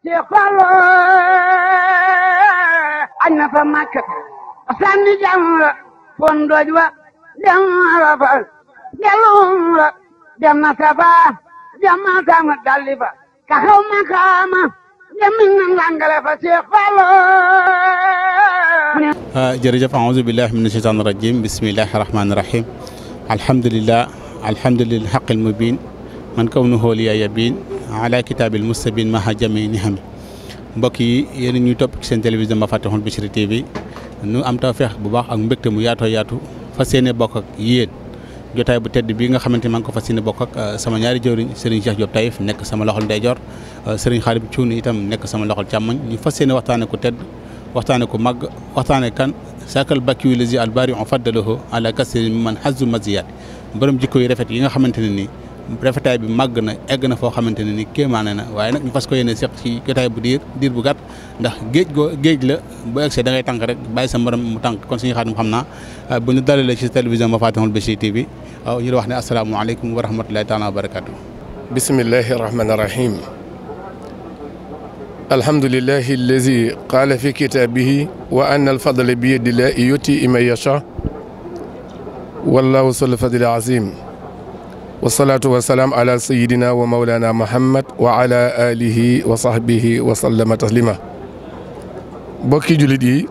Seex Fallu añ na fa Makka sànni jamra fon doj wa dem Arafat dellu umra dem na Safaa dem Matam dalli fa ka xaw makaama dem na ndàngale fa Seex Fallu ah, jërëjëf aouzu billahi min asheytaani rajim bismillahi rahmaani rahim alhamdulillah alhamdulillah xaqil mubin man kawnuhu liya yabin ala kitaabil mustabin maha jami nihami mbokk yi yéen ñuy topp ci seen télévision ba Fatihul Bichri TV nu am tawfeex bu baax ak mbégte mu yaatoo yaatu fas yéene bokk ak yéen jotaay bu tedd bi nga xamante ni maa ngi ko fas yéene euh, sama ñaari jëwriñ Serigne Cheikh Diop Taïf nekk sama loxol ndeyjoor euh, Serigne Khalib Thioune itam nekk sama loxol càmmoñ ñu fas yéene waxtaane ko tedd waxtaane ko màgg waxtaanee kan sakal bakkiyu lazi al bari on faddalahu ala kasri man hazu maziyat borom jikko yi rafet yi nga xamante ne nii rafetaay bi màgg na egg na foo xamante ne ni kéemaane na waaye nag ñu fas ko yéene seq ci jotaay bu diir diir bu gàtt ndax géej goo géej la boo eggsee da ngay rek bàyyi sa morom mu tànk kon suñu xaatim xam naa ah, bu ñu dalalee ci télévision ba Fatihul Bichri TV waaw wax ne asalaamaaleykum wa rahmatulahi taala wa barakaatu. bismillahi rahmaani rahim. alhamdulilahi allazi qaala fi kitaabihi wa anna alfadla bi yadillahi yuti man yasha wallahu sul fadli azim wasalaatu wasalaam ala sayidina wa maulana muhammad wa ala alihi wa sahbihi wa sallama taslima bokki jullit yi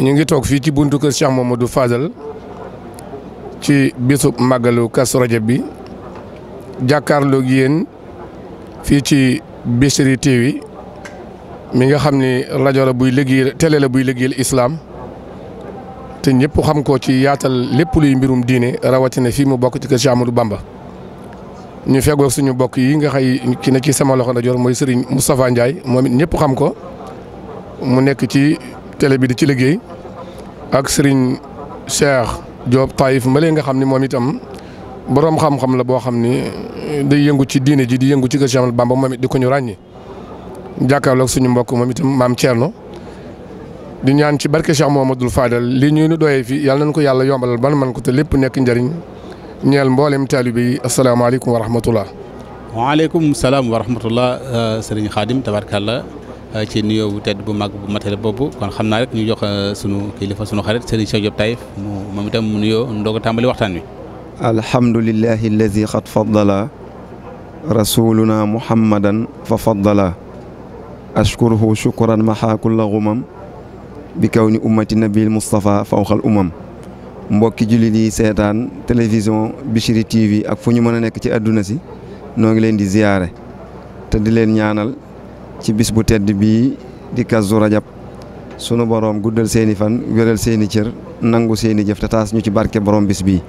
ñu ngi toog fii ci buntu kër Cheikh Mamadou Fadal ci bisub màggalu Kazu Rajab bi jàkkaarloog yéen fii ci Bichri TV mi nga xam ni rajo buy liggéeyal télé la buy liggéeyal islam te ñëpp xam ko ci yaatal lépp luy mbirum diine rawatina fii mu bokk ci kër Cheikh Amadou Bamba. ñu feggoog suñu bokk yi nga xay ki ne ci sama loxo ndijoor mooy Serigne Moustapha Ndiaye moom it ñëpp xam ko mu nekk ci télé bi di ci liggéey ak Serigne Cheikh Diop Taïf Mbale nga xam ni moom itam boroom xam-xam la boo xam ni eh, day yëngu ci diine ji di yëngu ci kër Cheikh Amadou Bamba moom it di ko ñu ràññi jàkkaarloog suñu mbokk moom itam maam Thierno. di ñaan ci barke Cheikh Mouhamadoul Fadal lii ñu nu doyee fii yàlla ko yàlla yombalal ban man ko te lépp nekk njëriñ ñeel mboolem taalibe yi asalaamaaleykum wa rahmatullah. waaleykum salaam wa rahmatullah euh, sëriñ Xaadim tabarkalla euh, ci nuyoo bu tedd bu mag bu matale boobu kon xam naa rek ñu jox euh, sunu kilifa sunu xarit sëriñ Cheikh Diop Taïf mu moom itam mu nuyoo ndoog a tàmbali waxtaan wi. alhamdulillahi alladi qad faddala rasuluna muhammadan fa faddala ashkuruhu bi kaw ni ummati nabil Moustapha fawxal umam mbokki jullit yi seetaan télévision Bichri TV ak fu ñu mën a nekk ci àdduna si noo ngi leen di ziyaare te di leen ñaanal ci bis bu tedd bii di Kazu Rajab sunu boroom guddal seeni fan wéral seeni cër nangu seeni jëf te taas ñu ci barke borom bis bii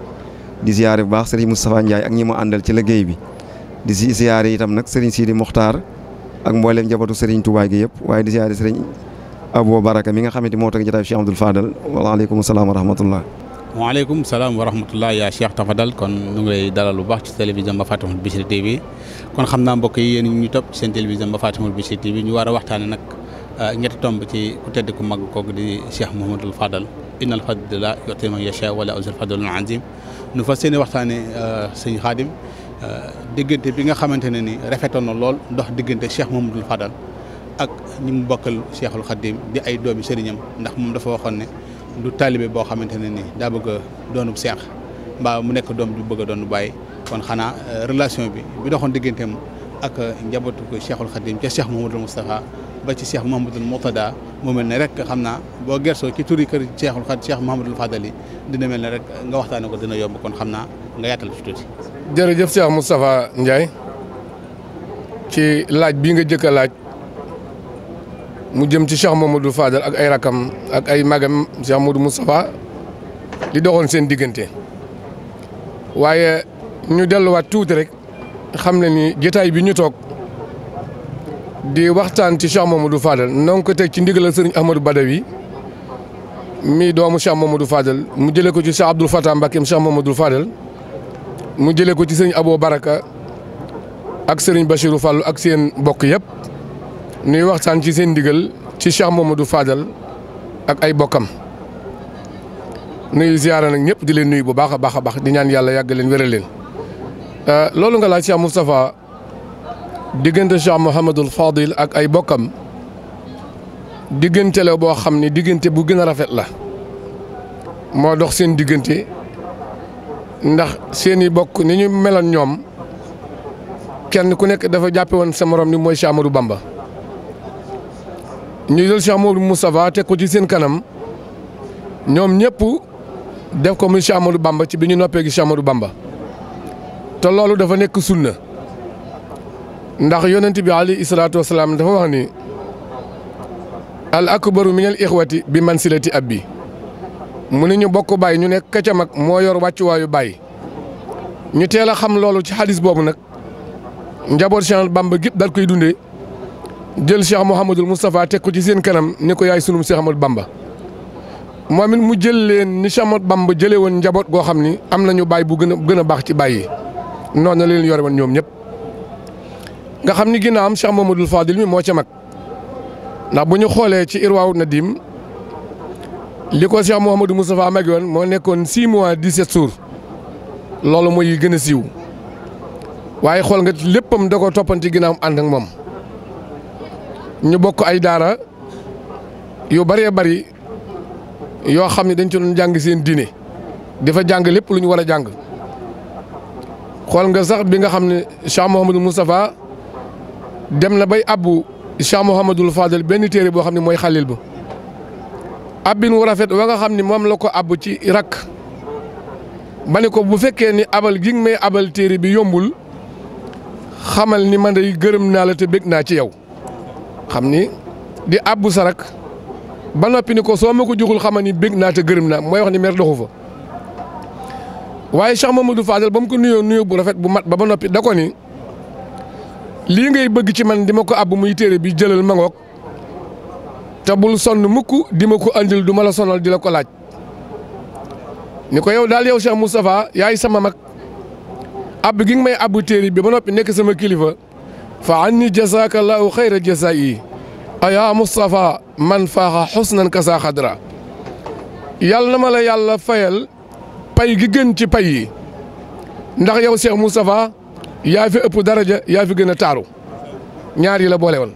di ziyaare bu baax sëriñ Moustapha Ndiaye ak ñi mu àndal ci liggéey bi di ziyaare itam nag sëriñ Sidi Mokhtar ak mboolem njabootu sëriñ Touba gi yëpp waaye di ziyaare sëriñ Abo Baraka mi nga xamante moo teg jotaay Cheikh Abdoul Fadal waaleykum salaam wa rahmatullah. waaleykum salaam wa rahmatullah yaa Cheikh Tafadal kon ñu ngi lay dalal bu baax ci télévision ba Fatimul Bichri TV kon xam naa mbokk yi yéen ñu topp seen télévision ba Fatimul Bichri TV ñu war a waxtaanee nag ah, ñetti tomb ci ku tedd ku mag kook di Cheikh Mouhamadul Fadal. innal fadla yu'ti man yashaa wala uzul fadlul azim nu fa seen i waxtaanee ah, sëñ Xaadim ah, diggante bi nga xamante ne ni rafetoon na lool ndox diggante Cheikh Mouhamadul Fadal. ak ñi mu bokkal Cheikhul Khadim di ay doomi sëriñam ndax moom dafa waxoon ne du taalibe boo xamante ne nii daa bëgg a doonub seex mbaa mu nekk doom ju bëgg a doon bàyyi kon xanaa euh, relation bi bi doxoon digganteem ak euh, njabootu ko Cheikhul Khadim ca Cheikh Mouhamadul Moustapha ba ci Cheikh Mouhamadul Moutada mu mel ne rek xam naa boo gersoo ci turi kër Cheikhul Khadim Cheikh Mouhamadul Fadali dina mel ne rek nga waxtaane ko dina yomb kon xam naa nga yaatal ci tuuti. jërëjëf Cheikh Moustapha Ndiaye ci laaj bii nga jëkk a laaj. mu jëm ci Cheikh Mamadou Fadal ak ay rakam ak ay magam Cheikh Mamadou Moustapha di doxoon seen diggante waaye ñu delluwaat tuuti rek xam ne ni jotaay bi ñu toog di waxtaan ci Cheikh Mamadou Fadal na ko teg ci ndigalal sëriñ Ahmadou Badawi mi doomu Cheikh Mamadou Fadal mu jëlee ko ci Cheikh Abdoul Fatah Mbacké Cheikh Mamadou Fadal mu jëlee ko ci sëriñ Abo Baraka ak sëriñ Bachirou Fallou ak seen bokk yëpp. nuy waxtaan ci seen ndigal ci Cheikh Mamadou Fadal ak ay bokkam nuyu ziyaara nag ñëpp di leen nuyu bu baax a baax a baax di ñaan yàlla yàgg leen wéral leen euh, loolu nga laaj Cheikh Moustapha diggante Cheikh Mouhamadul Fadil ak ay bokkam diggante la boo xam ni diggante bu gën a rafet la moo dox seen diggante ndax seeni bokk ni ñu meloon ñoom kenn ku nekk dafa jàppe woon sa moroom ni mooy Cheikh Amadou Bamba ñu jël Cheikh Modou Moustapha teg ko ci seen kanam ñoom ñëpp def ko muy Cheikh Amadou Bamba ci bi ñu noppee gi Cheikh Amadou Bamba te loolu dafa nekk sunna ndax yonent bi alayhi salaatu wasalaam dafa wax ni al akbaru minal ixwati bi man mansilati abbi mu ni ñu bokk bàyyi ñu nekk kaca mag moo yor wàccuwaayu bàyyi ñu teel a xam loolu ci xadis boobu nag njaboot Cheikh Bamba gépp dal koy dunde jël Cheikh Mouhamadul Moustapha teg ko ci seen kanam ni ko yaay sunum Cheikh Ahmadou Bamba moom it mu jël leen ni Cheikh Ahmadou Bamba jëlee woon njaboot goo xam ni am nañu baay bu gën a gën a baax ci baay yi noonu la leen yore woon ñoom ñëpp. nga xam ni ginnaawam Cheikh Mouhamadul Fadil mi moo ca mag ndax bu ñu xoolee ci na diim li ko Cheikh Mouhamadou Moustapha magi woon moo nekkoon 6 mois 17 jours loolu mooy gën a siiw waaye xool nga léppam da ko toppante ginnaawam ànd ak moom. ñu bokk ay daara yu bëree bëri yoo xam ne dañ ci doon jàng seen diine dafa jàng lépp lu ñu war a jàng xool nga sax bi nga xam ne Cheikh Mouhamadou Moustapha dem na bay abbu Cheikh Mouhamadul Fadel benn téere boo xam ne mooy xalil ba abbin wu rafet wa nga xam ni moom la ko abbu ci rakk ba ne ko bu fekkee ni abal gi nga may abal téere bi yombul xamal ni man day gërëm naa la te bég naa ci yow. xam ni di àbbu sa sarak ba noppi ni ko soo ma ko joxul xama ni bég naa te gërëm naa mooy wax ni mer doxu fa waaye Cheikh Mamadou Fadel ba mu ko nuyoo nuyoo bu rafet bu mat ba ba noppi da ko ni lii ngay bëgg ci man di ma ko àbb muy téere bi jëlal ma ngoog te bul sonn mukk di ma ko andil du ma la sonal di la ko laaj ni ko yow daal yow Cheikh Moustapha yaay sama mag àbb gi nga may àbb téere bi ba noppi nekk sama kilifa fa anni jazaaka allahu xayra jazaa'i ayaa Moustapha man faaxa nan kasa xadra yàlla na ma la yàlla fayal pay gi gën ci pay yi ndax yow Cheikh Moustapha yaa fi ëpp daraja yaa fi gën a taaru ñaar yi la boole woon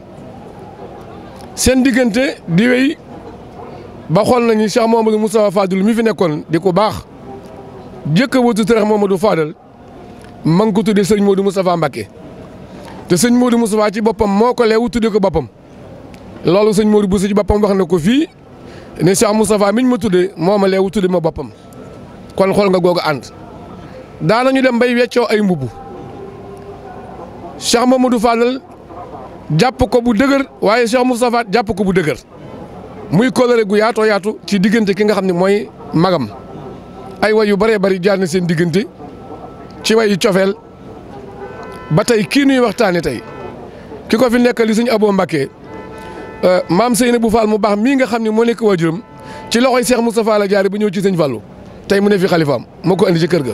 seen diggante di wéy ba xool nañu Cheikh Mouhamadou Moustapha Fadil mi fi nekkoon di ko baax jëkk a wutu tërax Mouhamadou Fadal ma ngi ko tuddee sëriñ Modou Moustapha te sëñ Modou Moustapha ci boppam moo ko leewu tudde ko boppam loolu sëñ Modou Bousso ci boppam wax na ko fii ne Cheikh Moustapha miñ ma tudde moo ma leewu tudde ma boppam kon xool nga googu ànd daanañu dem bay weccoo ay mbubb Cheikh Mamadou Fadal jàpp ko bu dëgër waaye Cheikh Moustapha jàpp ko bu dëgër muy kóllëre gu yaatoo yaatu ci diggante ki nga xam ni mooy magam ay way yu bëree bëri jaar seen diggante ci wayu cofeel ba tey kii nuy waxtaanee tey ki ko fi nekkal li suñu aboo Mbakke euh, maam Seynabou Fall mu baax mii nga xam ne moo nekk waajuram ci loxo loxoy Cheikh Moustapha la jaare bu ñëw ci sëñ Fallou tey mu ne fi xalifaam moo ko ci kër ga.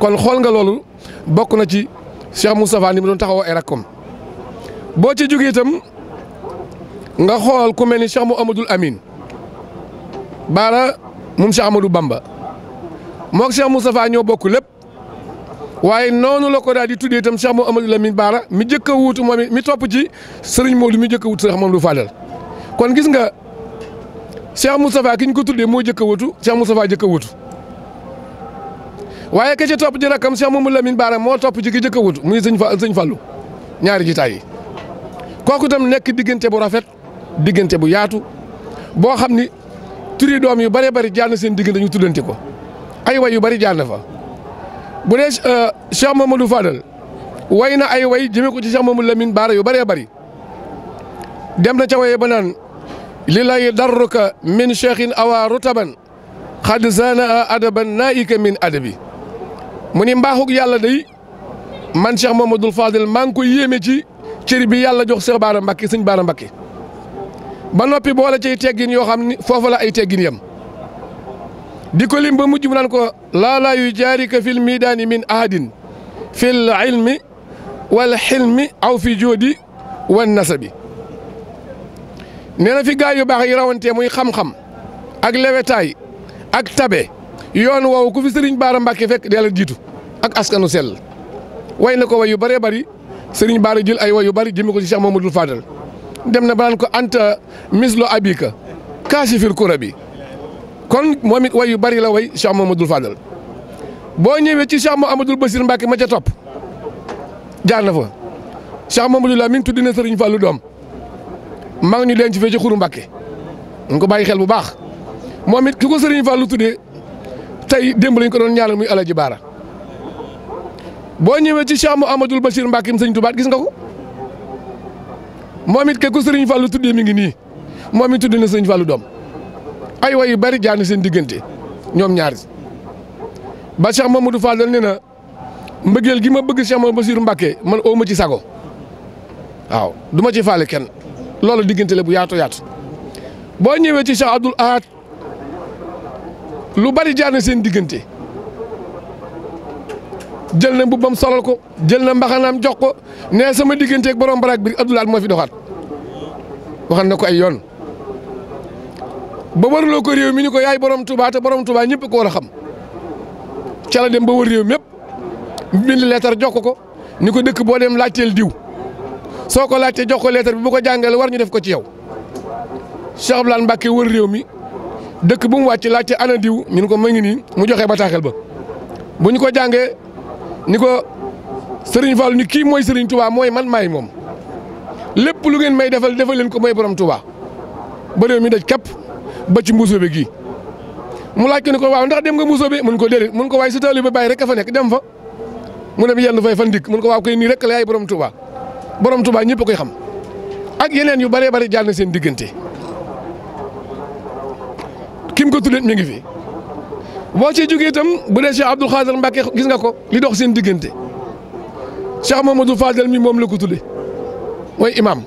kon xool nga loolu bokk na ci Cheikh Moustapha ni mu doon taxawoo ay rakkom boo ci jógee itam nga xool ku mel ni Cheikh Mouhamadoul Amine baara moom Cheikh Amadou Bamba moog Cheikh Moustapha ñoo bokk lépp. waaye noonu la ko daal di tuddee itam Cheikh moom Amadou Lamine Baara mi njëkk a wuutu moom mi topp ci moo Modou mi njëkk a wuutu Cheikh Mamadou Fadel kon gis nga Cheikh Moustapha ki ñu ko tuddee moo njëkk a wuutu Cheikh Moustapha njëkk a wuutu waaye ka ca topp di rakkam Cheikh Mamadou Baara moo topp ci ki njëkk a wuutu muy sëñ fa sëñ Fallou ñaari jitaay yi kooku tam nekk diggante bu rafet diggante bu yaatu boo xam ni turi doom yi bare bëri jaar na seen diggante ñu tuddante ko ay way yu bëri jaar na fa. bu dee euh, Cheikh Mamadou Fadal way na ay way jëmee ko ci Cheikh Mamadou Lamine Baara yu bëree bëri dem na ca waye ba naan li lay darruka min cheikhin awa rutaban xad zanaa adaban naika min adabi mu ni mbaaxug yàlla day man Cheikh Mamadou Fadal maa ngi koy ci cër bi yàlla jox Cheikh Baara Mbacké sëñ Baara Mbacké ba noppi boole cay teggin yoo xam ni foofa ay teggin yam di ko lim ba mujj mu ko laalaa yu jaarika fil miidaani min ahadin fil ilmi wal xilmi aw fi joodi wan nasabi nee na fi gaay yu baax yi rawantee muy xam-xam ak lewetaay ak tabe yoon wow ku fi Serigne Bara Mbacke fekk di la jiitu ak askanu sell way na ko way yu bëree bari sëriñ Bara jël ay way yu bari jëmee ko ci Cheikh Mamadou Fadal dem na ba naan ko anta mislo abika kaasifil kurabi kon moom it way yu bari la way Cheikh Mamadou Fadal boo ñëwee ci Cheikh Mamadou Basir Mbacke ma ca topp jaar na fa Cheikh Mamadou Lamine tudd na Serigne ngi ñu ci xuru Mbacke ñu ko bàyyi xel bu baax moom it ki ko Serigne Fallou tudde tey démb lañ ko doon ñaanal muy Alaji Baara boo ñëwee ci Cheikh Mamadou Basir Mbacke Serigne Touba gis nga ko moom it ki ko Serigne Fallou tuddee mi ngi nii moom it tudd na Serigne Fallou doom. ay way yu bëri jaar seen diggante ñoom ñaar ba Cheikh Mamadou Fall dal nee mbëggeel gi ma bëgg Cheikh Mamadou Bassirou Mbacké man oo ma ci sago waaw duma ci faale kenn loolu diggante la bu yaatu yaatu boo ñëwee ci Cheikh Abdoul Ahad lu bari jaar seen diggante jël na mbubbam solal ko jël na mbaxanaam jox ko nee sama digganteeg borom baraag bi Abdoul Ahad moo fi doxaat waxan na ko ay yoon. ba warloo ko réew mi ni ko yaay borom Touba te borom Touba ñëpp ko war a xam ca la dem ba wër réew mépp bind leetar jox ko ko ni ko dëkk boo dem laajteel diw soo ko laajtee jox ko leetar bi bu ko jàngalee war ñu def ko ci yow Cheikh Abdoulaye Mbacke wër réew mi dëkk bu mu wàcc laajte ana diw ñu ni ko ma ngi nii mu joxe bataaxel ba bu ñu ko jàngee ni ko sëriñ Fall ni kii mooy sëriñ Touba mooy man maay moom lépp lu ngeen may defal defal leen ko mooy borom Touba ba réew képp. ba ci mbuusoo bi gii mu la ko ni ko waaw ndax dem nga mbuusoo bi mun ko déedéet mun ko waay si taalibe Baay rek a fa nekk dem fa mu ne yenn fay fan dikk mun ko waaw koy nii rek la yaay borom Touba borom Touba ñëpp koy xam ak yeneen yu bëree bëri jaar seen diggante kim ko tuddee mi ngi fi. boo ci jógee itam bu dee Cheikh Abdou Khader Mbacke gis nga ko li dox seen diggante Cheikh Mamadou Fadel mi moom la ko tuddee mooy imam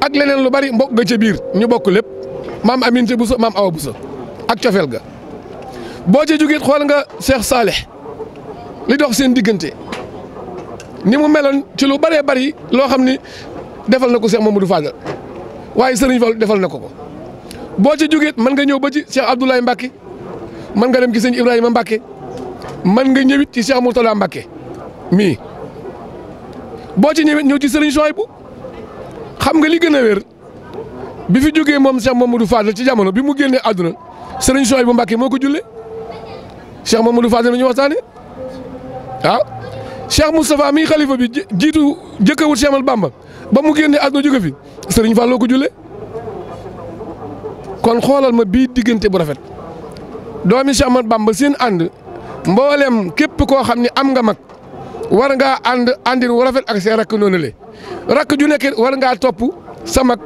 ak leneen lu bari mbokk ga ca biir ñu bokk lépp. maam bu Bousso maam Awa Bousso ak cofeel ga boo ci jógee xool nga Cheikh saale li dox seen diggante ni mu meloon ci lu bëree bëri loo xam ni defal na ko seex Cheikh Mamadou Fadal waaye sëriñ Fall defal na ko ko boo ca jógee mën nga ñëw ba ci Cheikh Abdoulaye Mbacke mën nga dem ci sëñ Ibrahima Mbacke mën nga ñëwit ci Cheikh Mourtada Mbacke mii boo ci ñëwit ñëw ci Serigne Souhaïbou xam nga li gën a wér bi fi jógee moom Cheikh Mamadou Fadel ci jamono bi mu génnee àdduna Serigne Souhaïbou Mbacké moo ko jullee Cheikh Mamadou Fadel la ñu waxtaanee waaw ah, Cheikh Moustapha mii xalifa bi jiitu jëkk a wut Cheikh Ahmadou Bamba ba mu génnee àdduna jóge fi Serigne Fallou ko jullee kon xoolal ma bii diggante bu rafet doomi Cheikh Ahmadou Bamba seen ànd mboolem képp koo xam ne am nga mag war ngaa ànd àndin wu rafet ak seen rakk noonu le rakk ju nekk war ngaa topp sa mag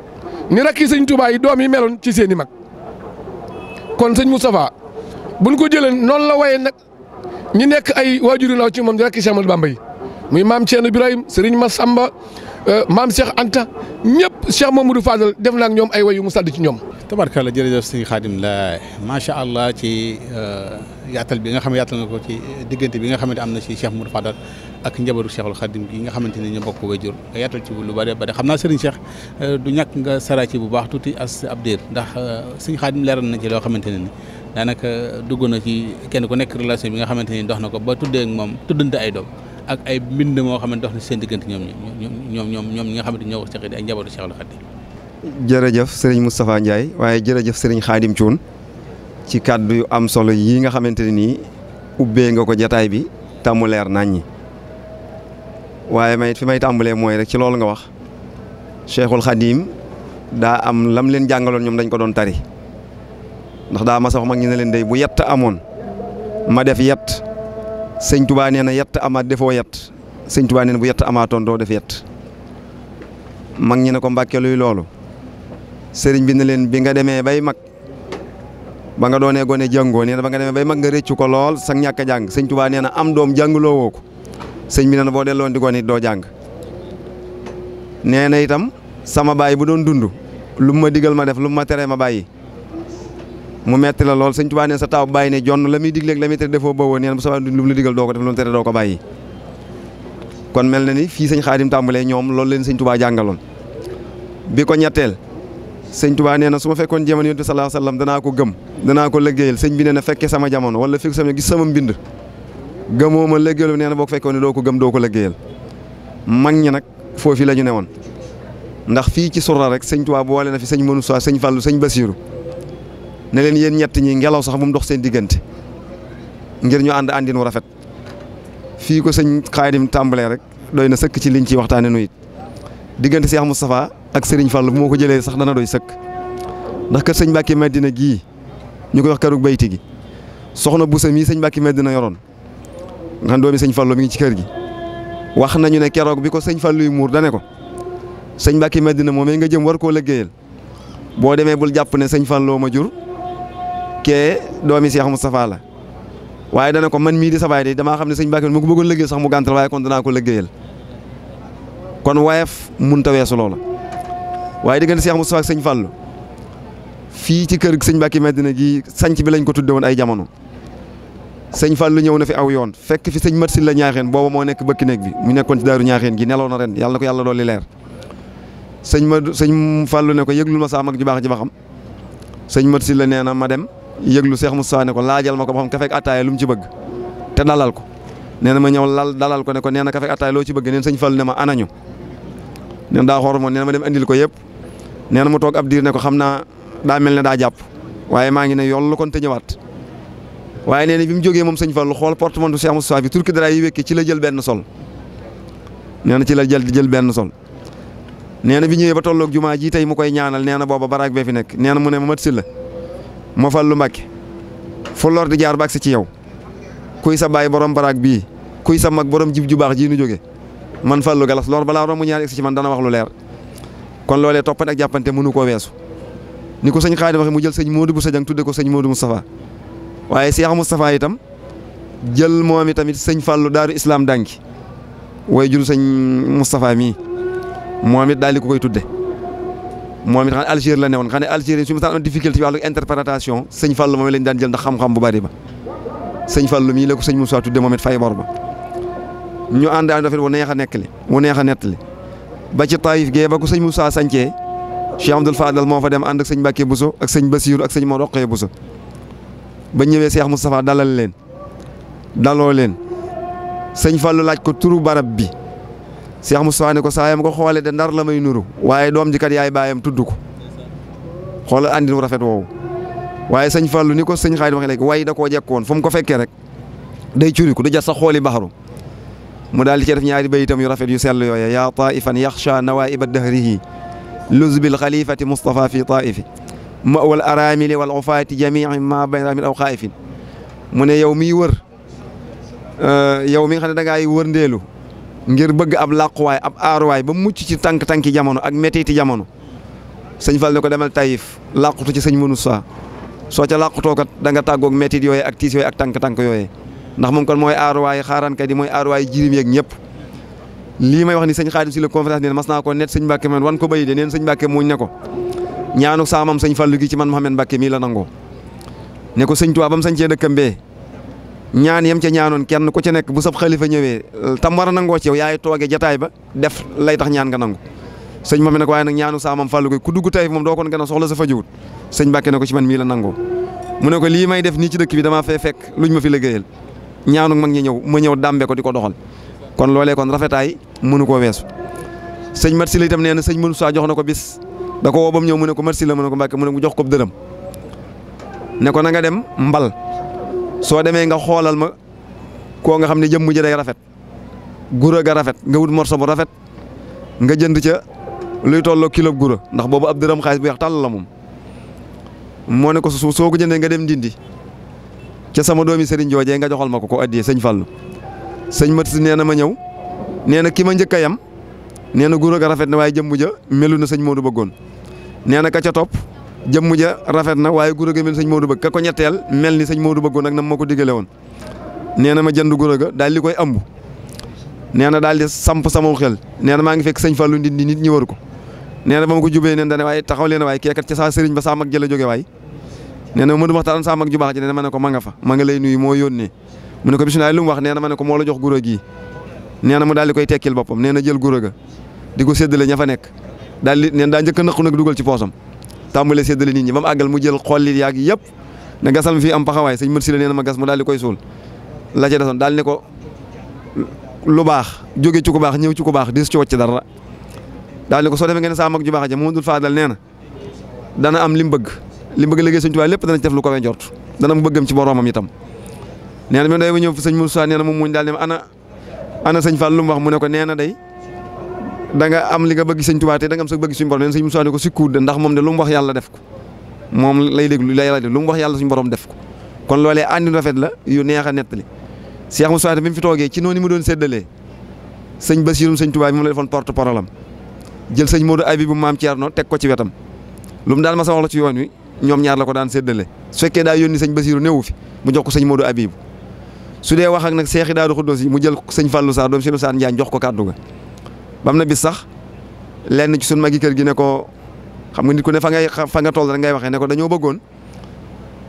ni rakki sëñ Touba yi doom yi meloon ci seen i mag kon sëñ Moustapha buñ ko jëlee noonu la waye nag ñi nekk ay waajuri ndaw ci moom di rakki Cheikh Ahmadou Bamba yi muy maam Thierno Ibrahim Serigne Massamba Euh, maam Cheikh Anta ñëpp mu du Fadal def naa ak ñoom ay wayu mu sàdd ci ñoom. tabarkalla jërëjëf sëñ Xaadim la macha allah ci euh, yaatal bi nga xam yaatal nga ko ci diggante bi nga xamante am na ci Cheikh Mamadou Fadal ak njabootu Cheikhul Xaadim gi nga xamante ni ñu bokk wajur nga yaatal ci lu bari bari xam naa sëriñ Cheikh euh, du ñàkk nga sara ci bu baax tuuti as ab diir ndax sëñ Xaadim leeral na ci loo xamante ne ni daanaka dugg na ci kenn ku nekk relation bi nga xamante ni dox na ko ba tuddee moom tuddante ay doom. ak ay mbind moo xamante ne dox seen diggante ñoom ñoom ñoom ñoom ñi nga xamante ñoo ko seqee di ay njabootu Cheikh Abdou Khadim jërëjëf Ndiaye waaye jërëjëf sëriñ Khadim Thioune ci kàddu yu am solo yi nga xamante ne nii ubbee nga ko jataay bi tàmmu leer nañ ñi waaye may fi may tàmbalee mooy rek ci loolu nga wax Cheikhul Khadim daa am lam leen jàngaloon ñoom dañ ko doon tari ndax daa mas a wax mag ñi ne leen day bu yett amoon ma def yett sëñ tubaa nee na yett amaat defoo yett sëñ tubaa nee na bu yett amaatoon doo def yett mag ñi ne ko mbàkke luy loolu sëriñ bi ne leen bi nga demee bay mag ba nga doonee gone jàngoo nee na ba nga demee bay mag nga rëccu ko lool sax ñàkk a jàng tubaa nee na am doom jàngloo woo ko sëñ bi nee na boo delloon di gone doo jàng nee na itam sama baay bu doon dund lu ma digal ma def lu ma teree ma bàyyi mu metti la lool sëñ Tuubaa ne sa taaw bàyyi ne jonn la muy digleeg la muy tere defoo boobu neen bu sabaa lu mu doo ko def lu mu doo ko bàyyi kon mel na ni fii sëñ Xaadim tàmbalee ñoom loolu leen sëñ Tuubaa jàngaloon bi ko ñetteel sëñ Tuubaa nee na su ma fekkoon jamono yonent bi sallallahu danaa ko gëm danaa ko liggéeyal sëñ bi nee na sama jamono wala fekk sama gis sama mbind gëmoo ma liggéeyal nee na boo ko fekkoon ne doo ko gëm doo ko liggéeyal mag ñi nag foofu la ñu newoon ndax fii ci surra rek sëñ Tuubaa boole na fi sëñ Manoussa sëñ Fallou sëñ Basiru neleen leen yéen ñett ñi ngelaw sax mu dox seen diggante ngir ñu ànd àndin wu rafet fii ko sëñ Xaadim tàmbalee rek doy na sëkk ci liñ ciy waxtaanee nu it diggante mu Moustapha ak sëriñ Fall bu moo ko jëlee sax dana doy sëkk ndax kër sëñ Mbacke Madina gii ñu koy wax kërug bayti gi soxna Boussa mii sëñ Mbacke Madina yoroon nga xam doomi sëñ Fallu mi ngi ci kër gi. wax nañu ne keroog bi ko sëñ fan Fallu muur dane ko sëñ Mbacke Madina moomee nga jëm war koo liggéeyal boo demee bul jàpp ne sëñ Fallu ma jur kee doomi Cheikh Moustapha la waaye dana ko man mii di sabaay de damaa xam ne sëñ Mbacke mu ko bëggoon liggéey sax mu gàntal waaye kon danaa ko liggéeyal kon wayef mënut a weesu loola waaye diggante Cheikh Moustapha ak sëñ Fallou fii ci kër sëñ Mbacke Medina gi sanc bi lañ ko tudde woon ay jamono sëñ Fallou ñëw na fi aw yoon fekk fi sëñ Matsil la ñaaxeen booba moo nekk bëkki néeg bi mu nekkoon ci daaru ñaaxeen gi neloo na ren yàlla na ko yàlla dolli leer sëñ ma sëñ Fallou ne ko yëglul ma sa mag ju baax ji ba sëñ Matsil la nee na ma dem yëglu Cheikh Moustapha ne ko laajal ma ko ba xam kafe ak ataaya mu ci bëgg te dalal ko nee na ma ñëw lal dalal ko nekko ko nee na kafe ak loo ci bëgg neen sëñ Fall ne ma anañu nee na daa xor moon nee ma dem andil ko yëpp nee na mu toog ab diir ne ko xam naa daa mel ne daa jàpp waaye ngi ne yoon kon te ñëwaat waaye nee na bi mu jógee moom sëñ Fallu xool porte-monnaie Cheikh Moustapha bi turki dara yi wekkee ci la jël benn sol nee na ci la jël di jël benn sol nee na bi ñëwee ba tolloog jumaa ji tey mu koy ñaanal nee na booba baraag bee fi nekk nee na mu ne ma mat si la ma Fallu Mbàkke fu lor di jaar ba agsi ci yow kuy sa baay borom baraag bii kuy sa mag borom jib ju baax jii nu jóge man Fallu Galas lor balaa romb ñaari agsi ci man dana wax lu leer kon loolee toppante ak jàppante mënu koo weesu. ni ko sëñ Xaadim waxe mu jël sëñ Modou bu sa Sajang tudde ko sëñ Modou Moustapha waaye Cheikh Moustapha tam jël moom itamit sëñ Fallu daaru islaam dànki way jur sëñ Moustapha mii moom it daal di ko koy tudde moom it xam ne Algérie la newoon xam ne Algérie su ma saan am difficulté ci wàllu interprétation sëñ Fallou moom lañ daan jël ndax xam-xam bu bari ba sëñ Fallou mii la ko sëñ Moussa tudde moom it fay bor ñu ànd ànd dafet wu neex a nekkale wu neex a nettali ba ci Taïf gee ba ko sëñ Moussa sancee Cheikh Abdoul moo fa dem ànd ak sëñ Mbacke Bousso ak sëñ Bassirou ak sëñ Mor Roqee Bousso ba ñëwee seex Moustapha dalal leen daloo leen sëñ Fallou laaj ko turu barab bi Cheikh Moustapha ne ko saa yam ko xoolee de ndar la may nuru waaye doom ji kat yaay baayam tudd ko xoolal àndinu rafet woowu waaye sëñ Fallou ni ko sëñ Xaadim waxee léegi way da koo jekkoon fu mu ko fekkee rek day curiku du jas sa xooli baxaru mu daal di cee def ñaari bayitam yu rafet yu sell yooya ya taifan yaxsha nawaiba dahrihi luz bil xalifati Moustapha fi taifi ma wal aramili wal ufaati jamiin ma bay ramin aw xaayifin mu ne yow mi wër euh, yow mi nga xam ne da ngay ngir bëgg ab làquwaay ab aaruwaay ba mu mucc ci tànk-tànki jamono ak méttiiti jamono sëñ Fall ne ko demal Taïf làqutu ci sëñ Moussa soo ca làqutoo kat da nga tàggoog méttiit yooyee ak tiis yooyee ak tànk-tànk yooyee ndax moom kon mooy aaruwaay xaaraankat yi mooy waay jirim yéeg ñëpp lii may wax ni sëñ Xaadim si la conférence neen mas naa ko net sëñ Mbàkke man wan ko béy de neen sëñ Mbàkke ne ko ñaanu saamam sëñ Fallu gi ci man Mouhamed Mbàkke mii la nangoo ne ko sëñ Tuubaa ba mu sañcee dëkkam bee ñaan yam ca ñaanoon kenn ku ci nekk bu sab xalifa ñëwee euh, tam war a nangoo ci yow yaay tooge jataay ba def lay tax ñaan nga nangu sëñ ma mi ne ko waaye nag ñaanu saamam fàllu koy ku dugg tey moom doo koon gën a soxla sa fajuwut sëñ Mbàkke ne ko la nangoo ne ko lii may def nii ci dëkk bi damaa fee fekk luñ ma fi liggéeyal ñaanu mag ñi ñëw ma ñëw dàmbe ko di ko doxal kon loolee kon rafetaay mënu koo weesu sëñ Mat Si la itam nee na sëñ mënu saa jox na ko bis da ko woo ñëw mu ne ko Mat Si la mu ko Mbàkke mu ne jox ko dërëm ne ko na nga dem mbal soo demee nga xoolal ma koo nga xam ne jëmm ji day rafet gura ga rafet nga wut morso bu rafet nga jënd ca luy tolloo kilo gura ndax boobu ab dërëm xaalis bu yax tàll la moom moo ne ko su soo ko jëndee nga dem dindi ca sama doomi Serigne joojee nga joxal ma ko ko addiyee sëñ Fallou sëñ Matisi nee na ma ñëw nee na ki ma njëkk a yam nee na gura ga rafet na waaye jëmm ja melu na sëñ Modou bëggoon nee na ka ca topp jëmm ja rafet na waaye guro ga mel sëñ Modou bëgg ka ko ñetteel mel ni sëñ Modou bëggoon ak nam ma ko digale woon nee na ma jënd guro ga daal li koy ëmb nee na daal di samp sama xel nee na maa ngi fekk sëñ Fallou ndindi nit ñi waru ko nee na ba ma ko jubee neen dane waaye taxaw leen waaye keekat ca saa sëriñ ba saa mag jëla jóge waay nee na Modou Maxtaan baax ji nee ne ko ma nga fa ma nga lay nuyu moo yónnee mu ne ko bisimilah lu wax nee na ma ne ko moo la jox guro nee na mu daal di koy tekkil boppam nee na jël guro ga di ko séddale ña fa nekk daal di neen daa njëkk a naqu nag dugal ci poosam tàmbale seddale nit ñi ba mu àggal mu jël xollit yaag yëpp ne gasal mi fii am paxawaay sëñ mët si la ma gas mu daal di koy suul la ca desoon daal ne ko lu baax jóge ci ku baax ñëw ci ku baax des ci wàcc dara daal ne ko soo defee ngeen saa mag ju baax ja Mamadou Fadal nee na dana am lim bëgg lim bëgg liggéey sëñ Tuubaa lépp dana ci lu ko wee jort dana mu bëggam ci boromam itam nee na ma day ma ñëw fi sëñ Moussa nee na moom muñ daal ne ana ana sëñ Fall lu mu mu ne ko nee na day da nga am li nga bëgg sëñ Tuubaa te da nga am sa bëgg suñu borom sëñ Musaa ne ko sikkuut de ndax moom de moom lay déglu lay déglu lu mu wax yàlla suñu borom def ko kon loolee àndi rafet la yu neex a nettali Cheikh Moussa bi mu fi toogee ci noonu mu doon séddalee sëñ Basiirum sëñ Tuubaa mu la porte parole am jël sëñ Modou Abi bu maam Thierno teg ko ci wetam lu mu daal ma sa la ci yoon wi ñoom ñaar la ko daan séddale su fekkee daa yónni sëñ Basiiru fi mu jox ko sëñ Modou Abi su dee wax ak nag seexi Daaru Xuddoos yi mu jël sëñ Fallou Sarr doom sëñ Sarr Njaañ jox ko kàddu ga bam na bis sax lenn ci sunu magi kër gi ne ko xam nga nit ku ne fa ngay fa nga toll rek ngay waxee ne ko dañoo bëggoon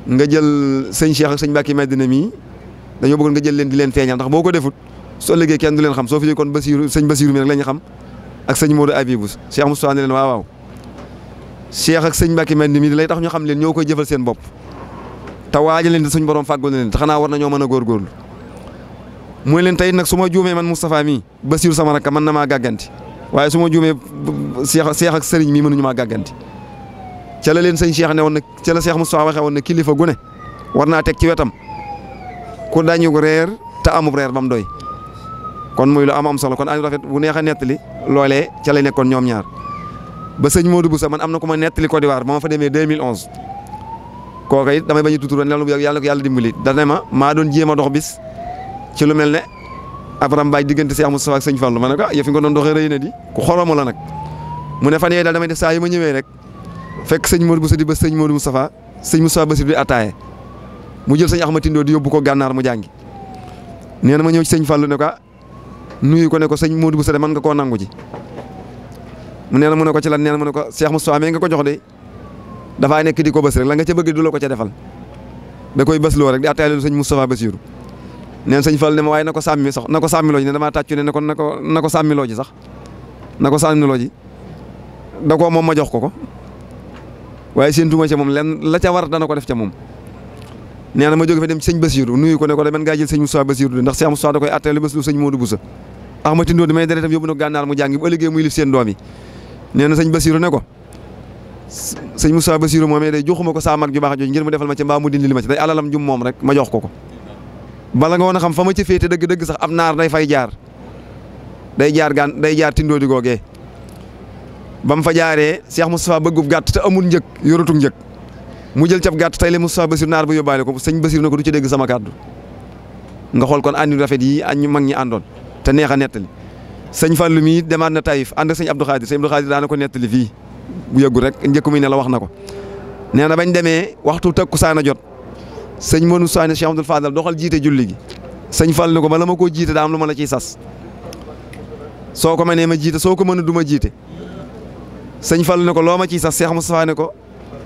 nga jël sëñ Cheikh ak sëñ Mbacke Madina mii dañoo bëggoon nga jël leen di leen feeñal ndax boo ko defut soo liggéey kenn du leen xam soo fi kon Basiru sëñ Basiru mi rek la ñu xam ak sëñ Modou Abibou Cheikh Moustapha ne leen waaw waaw Cheikh ak sëñ Mbacke Madina mii lay dax ñu xam leen ñoo koy jëfal seen bopp te waajal leen di suñ borom fàggoo na leen te xanaa war nañoo mën a góorgóorlu mooy leen tey nag su ma juumee man Moustapha mii Basiru sama rakk man na maa gàgganti waaye su ma juumee seex seex ak sëriñ mii mënuñu maa gàgganti ca leen sañ Cheikh ne woon na ca la Cheikh Moustapha waxee woon na kilifa gu ne war naa teg ci wetam ku dañu ko reer te amub reer ba mu doy kon muy lu am am solo kon añ rafet bu neex a nettali loolee ca lay ñoom ñaar ba sëñ Modou Boussa man am na ku ma nettali Côte d'Ivoire ba ma fa demee 2011 kooka it damay bañ a tutur woon yàlla yàlla dimbali dana ma maa doon jéem a dox bis ci lu mel ne ab rambaaj diggante si amul Moustapha sëñ Fallou ma ne ko ah yëf yi nga doon doxee rëy na di ku xoromu la nag mu ne fan yee daal damay def saa yi ma ñëwee rek fekk sëñ Modou Bousso di ba sëñ Modou Moustapha sëñ Moustapha Bassir di attaaye mu jël sëñ Axma Tindo di yóbbu ko gànnaar mu jàngi na ma ñëw sëñ Fallou ne ko ah, nuyu ko sëñ Modou Bousso mën nga koo nangu ji mu nee na mu ne ko ci lan nee na ne ko Cheikh Moustapha mee nga ko jox de dafaa nekk di ko bës la nga ca bëgg du la ko ca defal da koy bësloo rek di attaale sëñ Moustapha Bassirou neen sëñ Fall ne ma waaye na ko sàmmi sax na ko sàmmiloo ji ne ko na sax na ko sàmmiloo ji da koo moom ma jox ko ko waaye séentuma ca moom lenn la ca war dana ko def ca moom. nee na ma jóge fa dem sëñ Basiiru nuyu ko ne ko de man ngaa jël ah, mu jàngi bu ëllëgee muy lif seen doom yi nee na sëñ Basiiru ne ko. sëñ Moussa Basiiru moomee day joxuma ko saa mag moom rek ma jox ko ko bala nga wan a xam fa ma ci féete dëgg-dëgg sax am naar day fay jaar day jaar gan day jaar tindoodi googee ba mu fa jaaree Cheikh Moustapha bëggu gàtt te amul njëg yoratul njëg mu jël cab gàtt tey le Moustapha Bassir naar ba yóbbaale ko sëñ Bassir na ko du ci dégg sama kàddu nga xool kon àndi rafet yi ak ñu mag ñi àndoon te neex a nettali sëñ Fallou mii demaat na ànd sëñ Abdou Khadir sëñ Abdou Khadir daana ko nettali fii bu yëggu rek njëkk muy ne la wax na ko nee na bañ demee waxtu takkusaan saana jot sëñ Manu Saane Cheikh Abdoul Fadal doxal jiite julli gi sëñ Fall ne ko bala ma koo jiite daa am lu ma la ciy sas soo ko mënee ma jiite soo ko mën a du ma jiite sëñ Fall ne ko loo ma ciy sas Cheikh Moustapha ne ko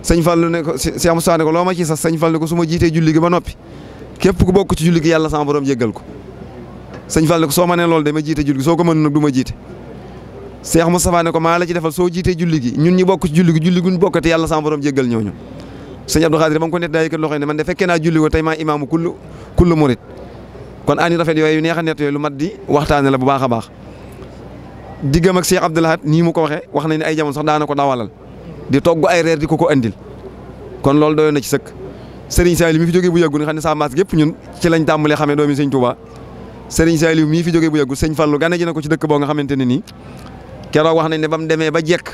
sëñ Fall ne ko Cheikh Moustapha ne ko loo ma ciy sas sëñ Fall ko su ma jiitee julli gi ba noppi képp ku bokk ci julli yàlla sama borom jéggal ko sëñ Fall ne ko soo mënee loolu soo ko mën nag du ma jiite Cheikh Moustapha ne ko maa la ci defal soo jiitee julli gi ñun ñi bokk ci julli gi julli guñ bokkati yàlla sama borom jéggal ñooñu sëñ Abdou Khadir ma ngi ko nett daay yëkkat loxo ne man de fekkee naa julli ko tey maa rafet yooyu neex a nett lu mat di waxtaane la bu baax a baax diggam ak Cheikh Abdou Lahad nii mu ko waxee wax nañ ne ay jamono sax daana ko dawalal di togg ay reer di ko ko andil kon loolu doyoon na ci sëkk Serigne Saliou mi fi jógee bu yàggul nga xam ne sa maas gépp ñun ci lañ tàmbalee xamee doomi sëñ Touba Serigne Saliou mii fi jógee bu yàggul sëñ Fallou gane ji na ko ci dëkk boo nga xamante ne ni keroog wax nañ ne ba mu demee ba jekk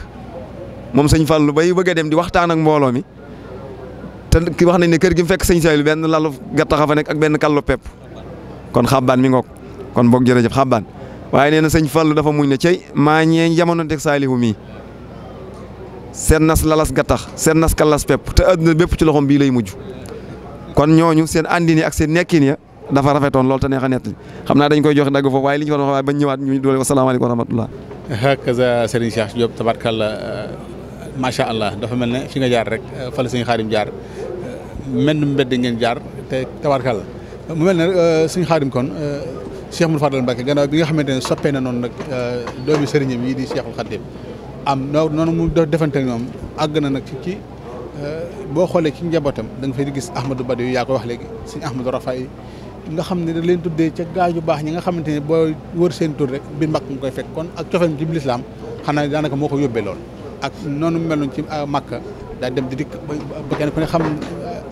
moom sëñ Fallou bay bëgg a dem di waxtaan ak mi te wax nañ ne kër gi mu fekk sëñ Saliou benn lalu gattax a fa nekk ak benn kalo pepp kon xabbaan mi ngoog kon boog jërëjëf xabbaan waaye nee na sëñ Fallou dafa muñ na cey maa ñee jamono teg Saliou mii seen nas lalas gattax seen nas kallas te àdduna bépp ci loxoom bii lay mujj kon ñooñu seen andini ak seen nekkin ya dafa rafetoon lool te neexa a nett xam naa dañ koy joxe dagg foofu waaye li ñu fa waaye bañ ñëwaat ñu doole wasalaamaaleykum wa rahmatullah hakaza Serigne Cheikh Diop tabarkalla dafa mel ne fi nga jaar rek fa la sëñ Xaadim jaar menn mbedd ngeen jaar te mu mel ne euh, suñu xaadim kon euh, Cheikh Moul Fadal Mbacke gannaaw bi nga xamante ne soppee na noonu nag euh, doomi sëriñam yi di Cheikhul Khadim am noo noonu mu defante ñoom àgg na nag ci ci boo xoolee ci njabootam da nga fay di gis Ahmadou Badiou yaa ko wax léegi suñu Ahmadou Rafaay nga xam ne da leen tuddee ca gaa yu baax ñi nga xamante ne boo wër seen rek bi mag nga koy fekk kon ak cofeem ci lislaam xanaa daanaka moo ko yóbbee lool ak meloon ci Makka daa dem di dikk ba kenn xam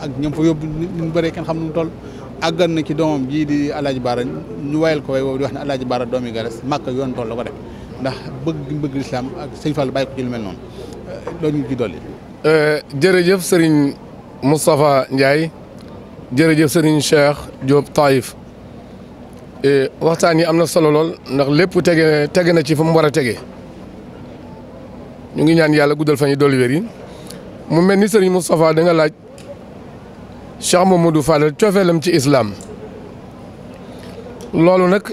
ak ñoom fa yóbbu ñu bëree kenn xam nu mu toll àggan na ci doomam jii di alaaji baara ñu wayal ko way woowu di wax ne alaaji baara doomi gares màkk yoon toll la ko def ndax bëgg bëgg lislaam ak sëñ Fall bàyyi ko ci lu mel noonu euh, loolu ñu euh, jërëjëf sëriñ Moustapha njaay jërëjëf sëriñ Cheikh Diop Taïf euh, waxtaan yi am na solo lool ndax lépp tege tege na ci fa mu war a tege ñu ngi ñaan yàlla guddal fan yi dolli mu mel ni sëriñ Moustapha da laaj Cheikh Mamadou Fadal cofeelam ci islaam loolu nag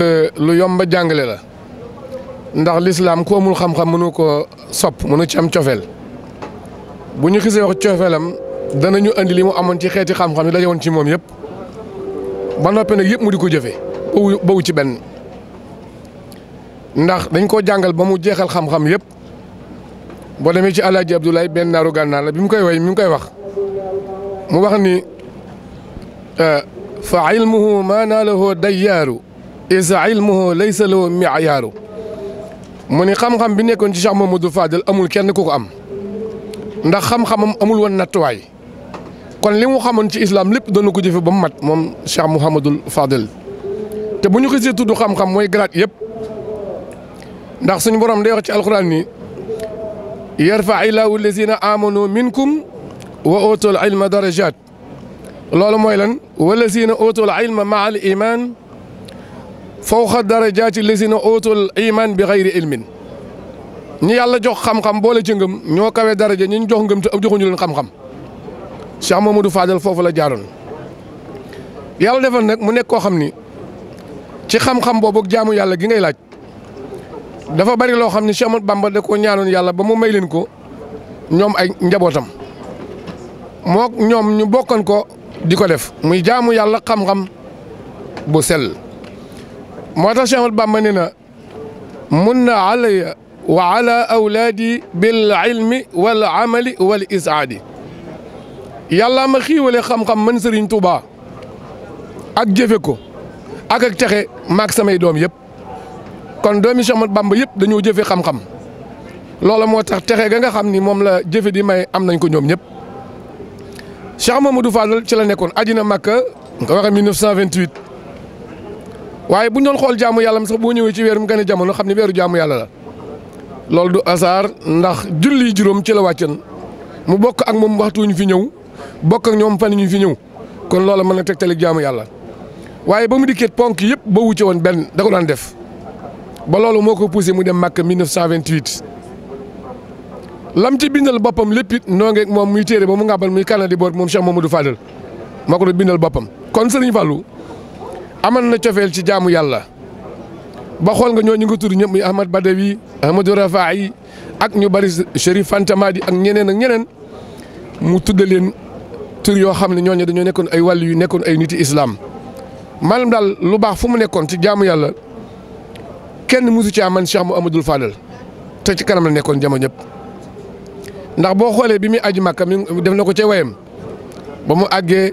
euh, lu yomba jàngale la ndax lislaam ku amul xam-xam mënu ko sopp mënu ci am cofeel bu ñu xisee wax cofeelam danañu indi li mu amoon ci xeeti xam-xam yi daje woon ci moom yëpp ba noppi nag yëpp mu di ko jëfe bawu ci benn ndax dañ koo jàngal ba mu jeexal xam-xam yëpp boo demee ci alaaji Abdoulaye benn naaru gànnaar la bi mu koy woy mu ngi koy wax mu wax ni ah, fa ilmuhu maa naalahu dayyaaru isa ilmuhu laysa lahu miyaaru mu ni xam-xam bi nekkoon ci Cheikh Mamadou Fadel amul kenn ku ko am ndax xam-xamam amul woon nattuwaay kon li mu xamoon ci islam lépp doon ko jif ba mu mat moom Cheikh Mouhamadul Fadel te bu ñu xisee tudd xam-xam mooy grad yëpp ndax suñu borom day wax ci alxuraan ni yarfa ilaahu lazina amanu minkum wa ootul ilma darajaat loolu mooy lan walazina ootul ilma maa al iman fawqa darajaati lazina ootul iman bi xayri ilmin ñi yàlla jox xam-xam boole ci ngëm ñoo kawee daraja ñi ñu jox ngëm te joxuñu leen xam-xam Cheikh Mamadou Fadel foofu la jaaroon yàlla defal nag mu nekk koo xam ni ci xam-xam boobu ak jaamu yàlla gi ngay laaj dafa bari loo xam ni Cheikh Ahmadou Bamba da koo ñaanoon yàlla ba mu may leen ko ñoom ay njabootam. moo ñoom ñu bokkan ko di ko def muy jaamu yàlla xam-xam bu sel moo tax Cheikh Ahmadou Bamba nee na mun na alaya wa ala awlaadi bil ilmi wal amali wal isaadi yàlla ma xiiwale xam-xam man Sëriñ Tuubaa ak jëfe ko ak ak texe maak samay doom yëpp kon doomi Cheikh Ahmadou Bamba yëpp dañoo jëfe xam-xam loola moo tax texe ga nga xam ni moom la jëfe di may am nañ ko ñoom ñëpp Cheikh Mamadou Fadal ci la nekkoon ajina Makka nga ko waxee 1928 waaye bu ñu doon xool jaamu yàlla sax boo ñëwee ci weeru mu gën a jamono xam ne weeru jaamu yàlla la loolu du hasard ndax julli juróom ci la wàccan mu bokk ak moom waxtu ñu fi ñëw bokk ak ñoom fan ñu fi ñëw kon loola mën na tegtali jaamu yàlla waaye ba mu dikkee ponk yëpp ba wucce woon benn da ko daan def ba loolu moo ko poussé mu dem Makka 1928. lam ci bindal boppam lépp it noo ngeeg moom muy téere ba mu ngàbbal muy kanadi boor moom Cheikh Mamadou Fadel moo ko doon bindal boppam kon Serigne Fallou aman na cofeel ci jaamu yàlla ba xool nga ñoo ñu nga tudd ñëpp muy Ahmad Badawi Ahmadou Rafahi ak ñu bari Chérif Fantamadi ak ñeneen ak ñeneen mu tudda leen tur yoo xam ne ñooñu dañoo nekkoon ay wàll yu nekkoon ay niti islaam maanaam daal lu baax fu mu nekkoon ci jaamu yàlla kenn mësu ci aman Cheikh Mouhamadoul Fadel te ci kanam la nekkoon jamono ñëpp. ndax boo xoolee bi muy aji Makka mi def na ko ca wayam ba mu àggee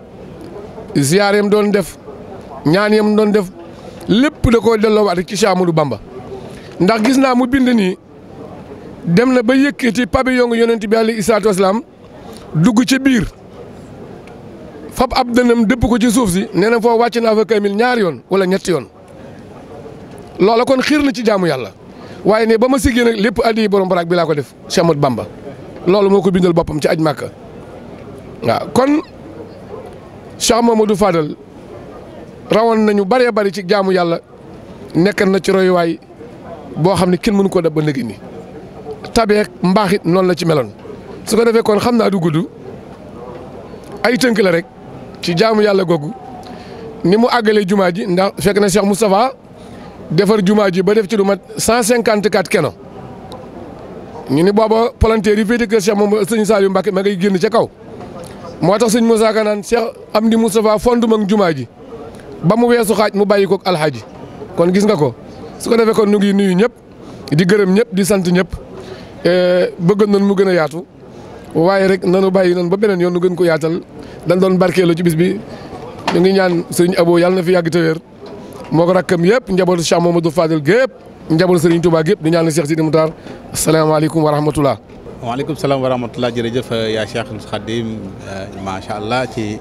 ziyaareem doon def ñaan yam doon def lépp da koo delloowaat ci Cheikh Bamba ndax gis naa mu bind nii dem na ba ti pabi pavillon yonent bi alayhi salaatu wasalaam dugg ci biir fab ab dënam dëpp ko ci suuf si nee na foo wàcc naa fa kamil ñaari yoon wala ñetti yoon loola kon xiir la ci jaamu yàlla waaye ne ba ma siggee nag lépp addi borom baraak bi laa ko def Cheikh Bamba loolu moo ko bindal boppam ci aj màkka waaw kon Cheikh Mamadou Fadal rawoon nañu baree bëri ci jaamu yàlla nekk na ci royuwaay boo xam ne kenn mënu koo def ba léegi nii tabeek mbaaxit noonu la ci meloon su ko defee kon xam naa du gudd ay tënk rek ci jaamu yàlla googu ni mu àggalee jumaa ji ndax fekk na Cheikh Moustapha defar jumaa ji ba def ci lu mat cent cinquante-quatre keno ñu ni booba palanteer yi féete kër Cheikh moom sëñ Saliou Mbacke ma ngay génn ca kaw moo tax sëñ Moussa Ka naan Cheikh Amdi Moustapha fondu mag jumaa ji ba mu weesu xaaj mu bàyyi koog alxaaji kon gis nga ko su ko defee kon ñu ngi nuyu ñëpp di gërëm ñëpp di sant ñëpp eh, bëggoon nañ mu gën a yaatu waaye rek nanu bàyyi noonu ba beneen yoon nu gën ko yaatal dañ doon barkeelu ci bis bi ñu ngi ñaan sëñ aboo yàlla na fi yàgg te wér moo ko rakkam yëpp njabootu Cheikh Mamadou Fadel gépp njaboot Serigne Touba gépp di si Cheikh Sidi Moutar salaamaaleykum wa rahmatullah. waaleykum salaam wa rahmatullah jërëjëf euh, yaa Cheikh Khadim euh, macha allah ci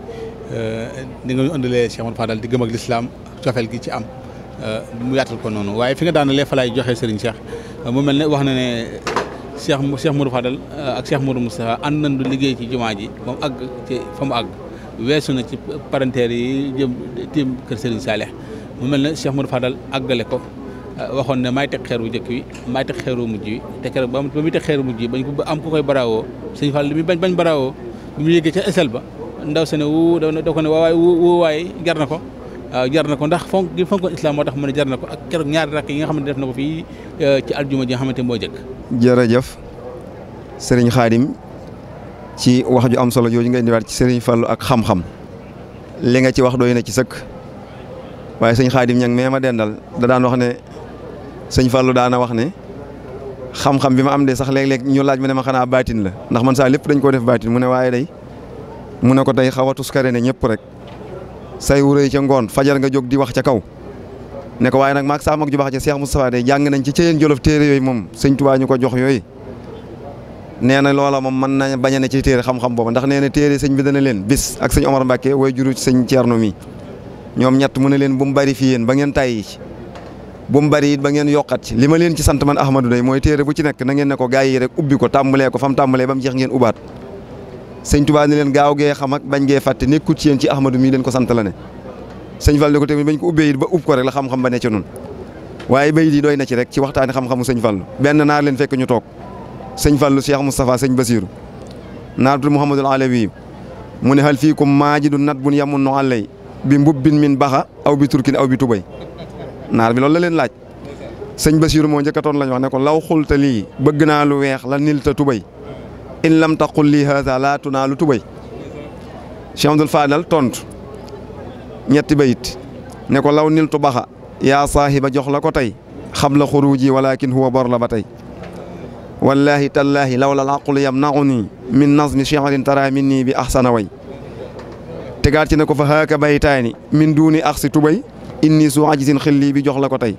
euh, ni nga ñu andalee Cheikh Modou Fadal di gëm ak lislaam cofeel gi ci am mu yaatal ko noonu waaye fi nga daan fa laay joxe Serigne Cheikh mu mel ne wax na ne Cheikh Cheikh Modou Fadal ak Cheikh mu Moustapha ànd na du liggéey ci jumaa ji ba mu àgg ci fa mu àgg weesu na ci parenteer yi jëm tiim kër mu mel ne Cheikh Modou Fadal àggale ko. Euh, waxoon ne maay teg xeer bu njëkk bi maay teg xeeru mujj bi te keroog ba muy teg xeeru mujj bi bañ ko am ku koy barawoo sëñ Fall li muy bañ bañ barawoo bi mu yëggee ca esel ba ndaw sa ne wu da ko ne waawaay wu waay jar na ko waaw jar na ko ndax fonk gi fonk islam moo tax mu ne jar na ko ak keroog ñaari rakk yi nga xamante def na ko fii euh, ci aljuma ji nga xamante moo jëkk jërëjëf sëriñ Xaadim ci wax ju am solo jooju nga indiwaat ci sëriñ Fallu ak xam-xam li nga ci wax doy na ci sëkk waaye sëñ Xaadim ñang mee ma dendal da daan wax ne sëñ Fallou daana wax ne xam-xam bi ma am de sax léeg ñu laaj ma ne ma xanaa baatin la ndax man saa lépp dañ koo def baatin mu ne waaye day mu ne ko tey xaw a tuskare ne ñëpp rek say wuréy ca ngoon fajar nga jóg di wax ca kaw nekk waaye nag maag saa mag ju baax ca Cheikh Moustapha de jàng nañ ci cëyeen jolof téere yooyu moom sëñ Tuubaa ñu ko jox yooyu nee na loola moom mën na bañ a ne ci téere xam-xam boobu ndax nee na téere sëñ bi dana leen bis ak sëñ Omar Mbacke way juru sëñ Thierno mi ñoom ñett mu ne leen bu mu bari fi yéen ba ngeen tàyyi bu mu bari it ba ngeen yokkat ci li ma leen ci sant man Ahmadou day mooy téere bu ci nekk na ngeen ne ko gaa yi rek ubbi ko tàmbalee ko fa mu tàmbalee ba mu jeex ngeen ubaat sëñ Tuubaa ne leen gaaw gee xam ak bañ gee fàtte nekkut ci yéen ci Ahmadou mi leen ko sant la ne sëñ Fall ne ko tamit bañ ko ubbee it ba ub ko rek la xam-xam ba ne ci nun waaye bay yi doy na ci rek ci waxtaani xam-xamu sëñ Fall benn naar leen fekk ñu toog sëñ Fall Cheikh Moustapha sëñ Basiru naartul Muhammadul Alawi mu ne hal fiikum maajidun nat bun yamun no àllay bi mbubbin min baxa aw bi turkin aw bi tubay naar bi loolu la laaj sëñ Basiiru moo njëkkatoon lañ wax ne ko law xulta lii bëgg naa lu weex la nilta tubay in lam taqul lii la laa tunaalu tubay Cheikh Abdoul Fadal tontu ñetti bayit ne ko law niltu baxa yaa saahiba jox la ko tey xam la xuruuji walakin huwa bor la ba tey wallahi tallaahi lawla alaqul yamnauni min nazmi shi'rin tara minni bi ahsana way tegaat ci ne ko fa haaka baytaani min duuni axsi tubay inni su ajisin xilli bi jox la ko tey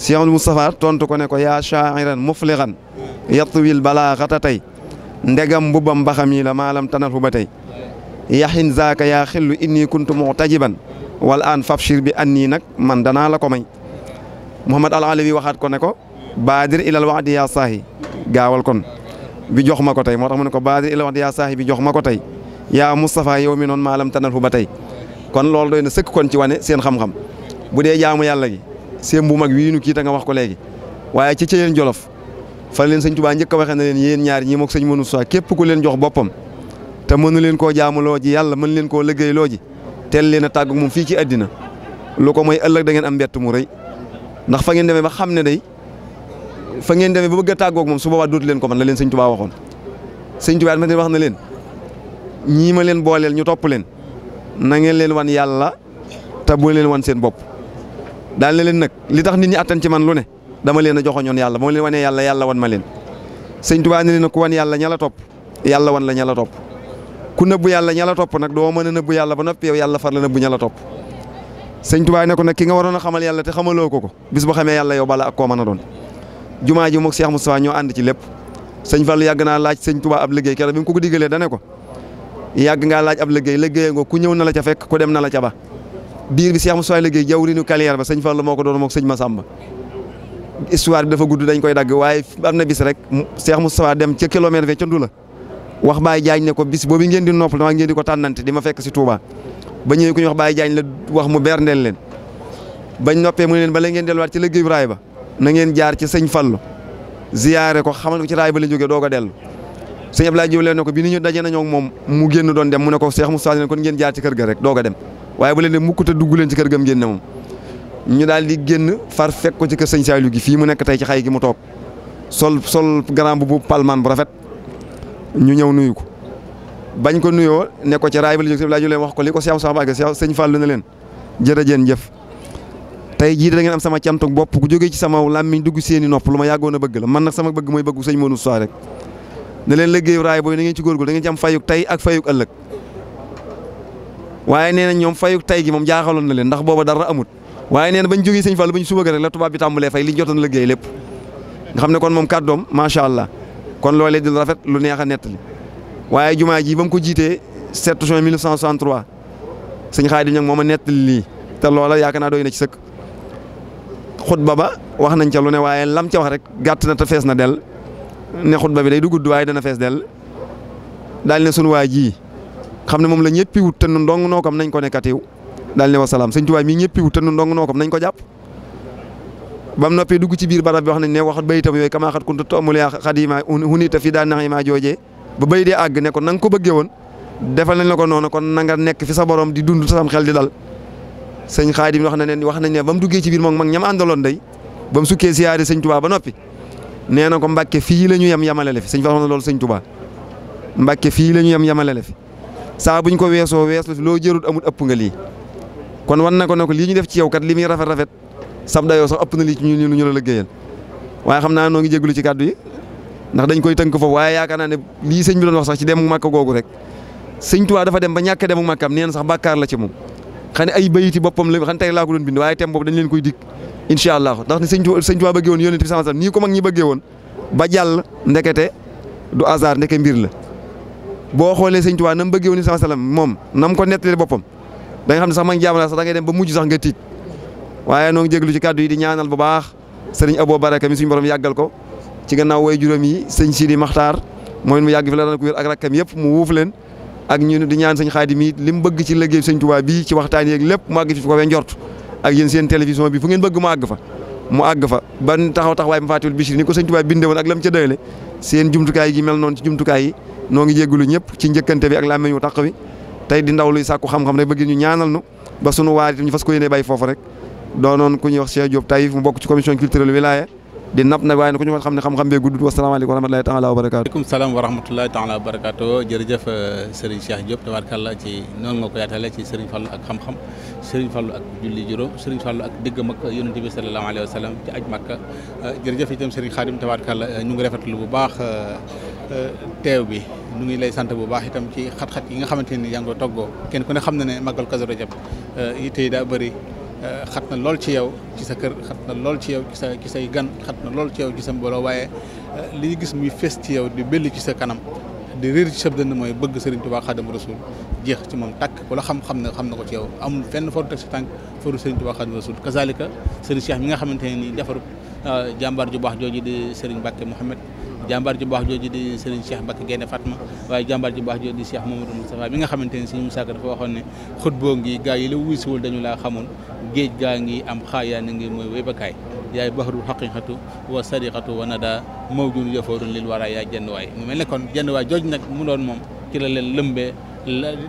Cheikhul Moustapha tontu ko ne ko yaa shaa'iran mufligan yatwil balaaxata tey ndegam mbubbam mbaxam la maalam tanatu ba tey yaxin zaaka yaa xillu inni kuntu mu'tajiban wal aan fabshir bi annii man danaa la ko may Muhammad al Alawi waxaat ko ne ko baadir ilal wa'di yaa saahi gaawal kon bi jox ma ko tey moo tax mu ne ko baadir ilal wa'di yaa saahi bi jox ma ko tey yaa Moustapha yow noon maalam ba tey kon loolu doy na sëkk kon ci wane seen xam-xam bu dee jaamu yàlla gi seen bu mag wii nu kii ta nga wax ko léegi waaye ci ceyeen jolof fan leen sëñ Tuubaa njëkk a waxee na leen yéen ñaar ñii mook sëñ mënu saa képp ku leen jox boppam te mënu leen koo jaamuloo ji yàlla mën leen koo liggéey ji teel leen a tàggu fii ci àddina lu ko mooy ëllëg da ngeen am mbett mu rëy ndax fa ngeen demee ba xam ne day fa ngeen demee ba bëgg a moom su boobaa dootu leen ko man la leen sëñ Tuubaa waxoon sëñ Tuubaa wax na leen ñii ma leen booleel ñu topp leen na ngeen leen wan yàlla te bu leen wan seen bopp daal ne leen nag li tax nit ñi attan ci man lu ne dama leen a joxoñoon yàlla moo leen wanee yàlla yàlla wan ma leen sëñ Tuubaa ne leen ku wan yàlla ña la topp yàlla wan la ña la topp ku nëbbu yàlla ña la topp nag doo mën a nëbbu yàlla ba noppi yow yàlla far la nëbbu ña la topp sëñ Tuubaa ne ko nag ki nga waroon a xamal yàlla te xamaloo ko ko bis bu xamee yàlla yow bala ak koo mën a doon jumaa ji mook Cheikh Moustapha ñoo ànd ci lépp sëñ Fallu yàgg naa laaj sëñ Tuubaa ab liggéey keroog bi mu ko ko diggalee dane ko yàgg ngaa laaj ab liggéey liggéeya nga ku ñëw na la ca fekk ku dem na la ca ba diir bi Cheikh Moussa liggéey jawriñu carrière ba sëñ Fallou moo ko doon moog sëñ Massamba histoire bi dafa gudd dañ koy dagg waaye am na bis rek Cheikh Moussa dem ca kilomètre fe ca Ndula wax Baye Diagne ne ko bis boobu ngeen di noppal maa ngeen di ko tànnante di ma fekk si Touba ba ñëwee ku ñu wax Baye la wax mu berndeel leen bañ noppee mu ne leen bala ngeen delluwaat ci liggéeyu raay ba na ngeen jaar ci sëñ Fallou ziyaare ko xamal ko ci raay ba la jógee doog a dellu sëñ Ablaye Diop leen ne ko bi ni ñu daje nañoo ak moom mu génn doon dem mu ne ko Cheikh Moustapha ne kon ngeen jaar ci kër ga rek doog a dem waaye bu leen ne mukk te dugg leen ci kër gam ñu daal di génn far fekk ko ci kër sëñ Saliou gi fii mu nekk tey ci xay gi toog sol sol grand bu palmaan bu rafet ñu ñëw nuyu ko bañ ko nuyoo ne ci raay ba la jóg ko li ko Cheikh Moustapha Mbacké sëñ Fallou ne leen jërëjeen jëf tey jii da ngeen am sama cantuk bopp ku jógee ci sama làmmiñ dugg seeni nopp lu ma yàggoon bëgg la man nag sama bëgg mooy bëggu sëñ Modou Moustapha rek ne leen liggéeyu raay boobu da ngeen ci góorgóorlu da ngeen ci am fayuk tey ak fayuk ëllëg waaye nee na ñoom fayuk tey gi moom jaaxaloon na leen ndax booba dara amut waaye nee na bañ jógee sëñ Fall bañ suba rek la tubaab bi tàmbalee fay li ñu jotoon liggéey lépp nga xam ne kon moom doom macha allah kon loolee di rafet lu neex a nettali waaye jumaa ji ba mu ko jiitee 7 juin 1963 sëñ Xaadim ñoom moom a nettali lii te loola yaakaar naa doy na ci sëkk xutba ba wax nañ ca lu ne waaye lam ca wax rek gàtt na te fees na del ne xutba bi day du gudd waaye dana fees del daal ne sunu waa ji xam ne moom la ñëppi wut te nu dong noo kam nañ ko ne daal ne wasalaam sëñ Tuubaa mii ñëppi wut te nu ndong noo kam ko jàpp. ba mu noppee dugg ci biir barab bi wax nañ ne wax bayitam yooyu kamaa xat kuntu toomulee xadiima hunita fi daa nax maa joojee ba bay dee àgg ne ko na ko bëggee woon defal nañ la ko noonu kon nanga nekk fi sa borom di dund sam xel di dal. sëñ Xaadim wax na ne wax nañ ne ba mu duggee ci biir moom mag ñam àndaloon day ba mu sukkee siyaare sëñ Tuubaa ba noppi nee na ko Mbàkke fii la ñu yem yemale la fi sëñ Fallu na loolu sëñ Tuubaa Mbàkke fii la ñu yem yemale la fi saa buñ ko weesoo wees la fi loo jërut amul ëpp nga lii kon wan na ko ne lii ñu def ci yow kat li muy rafet rafet sab yoo sax ëpp na lii ci ñu lu ñu la liggéeyal waaye xam naa noo ngi jégalu ci kàddu yi ndax dañ koy tënk foofu waaye yaakaar naa ne lii sëñ bi doon wax sax ci demu Màkka googu rek sëñ Tuubaa dafa dem ba ñàkk demu Màkkaam nee na sax bàkkaar la ci moom xane ay bayiti boppam la xane tey laa ko doon bind waaye tem boobu dañ leen koy dikk incha allah ndax ni sëñ sëñ Tuubaa bëggee woon yonent bi sama nii ko mag ñi bëggee woon ba jàll ndekete du hasard ndeke mbir la boo xoolee sëñ Tuubaa na mu bëggee woon sama salaam moom nam ko nettali boppam da nga xam ne sax man jaamu sax da ngay ba mujj sax nga tiit waaye noo ngi jéglu ci kàddu yi di ñaanal bu baax sëriñ Abo Baraka mi suñu borom yàggal ko ci gannaaw way juróom yi sëñ Sidi Maxtaar mooy mu yàgg fi la daan ko wér yëpp mu wuuf leen ak ñun di ñaan sëñ Xaadim yi li mu bëgg ci liggéey sëñ Tuubaa bii ci waxtaan yeeg lépp mu a ci ak yéen seen télévision bi fu ngeen bëgg mu àgg fa mu àgg fa ban taxaw taxawaay mu faatiwul Bichri ni ko sëñ Tuubaa bindee ak lam ca seen jumtukaay yi mel noonu ci jumtukaay yi noo ngi ñëpp ci njëkkante bi ak làmmiñ wu taq wi tey di ndaw luy sàkku xam-xam rek bëgg ñaanal nu ba sunu waar itam ñu fas ko yéene bàyyi foofu rek doonoon mu bokk ci commission culturelle wilaya di nap nag waaye ne ku ñu ko xam ne xam-xam bee guddut wasalaamaaleykum wa rahmatulahi taala wa barakaatu aleykum salaam wa rahmatulahi taala wa barakaatu jërëjëf euh, Serigne Cheikh Diop tabaarkalla ci noonu nga ko yaatale ci Serigne Fallou ak xam-xam sëriñ Fallou ak julli juróom Serigne Fallou ak dégg mag yonent bi sallallahu alayhi wa sallam ci aj euh, jër jëf itam Serigne Khadim tabaarkalla euh, ñu ngi rafetlu bu baax teew bi ñu ngi lay sant bu baax itam ci xat-xat yi nga xamante ni yaa ngi ko toggoo kenn ku ne xam na ne màggal Kazu Rajab yitte yi daa bëri Euh, xat na lool ci yow ci sa kër xat na lool ci yow ci sa ci say gan xat na lool ci yow ci sa mbooloo waaye euh, li gis muy fees ci yow di belli ci sa kanam di réer ci sa dënn mooy bëgg Serigne Touba Xaadimu Rasuul jeex ci moom tàkk wala xam-xam na xam na ko ci yow amul fenn faru teg sa tànk faru Serigne Touba Xaadimu Rasuul kazalika Serigne Cheikh mi nga xamante ne nii defarub euh, jàmbaar ju baax jooju di Serigne Mbacke Mouhamed jàmbaar ju baax jooju di sëriñ Cheikh Mbacke Gaynde Fatma waaye jàmbaar ju baax jooju di Cheikh Mamadou Moustapha bi nga xamante ne sëriñ Moussa Ka dafa waxoon ne xutboo ngi gaa yi la wuusiwul dañu laa xamul géej gaa ngi am xaayaa na ngi mooy wébakaay yaay baxrul xaqiqatu wa sadiqatu wa nada mawjun yafoorun lil wara yaa waay mu mel ne kon jënd waay jooju nag doon moom ci la leen lëmbee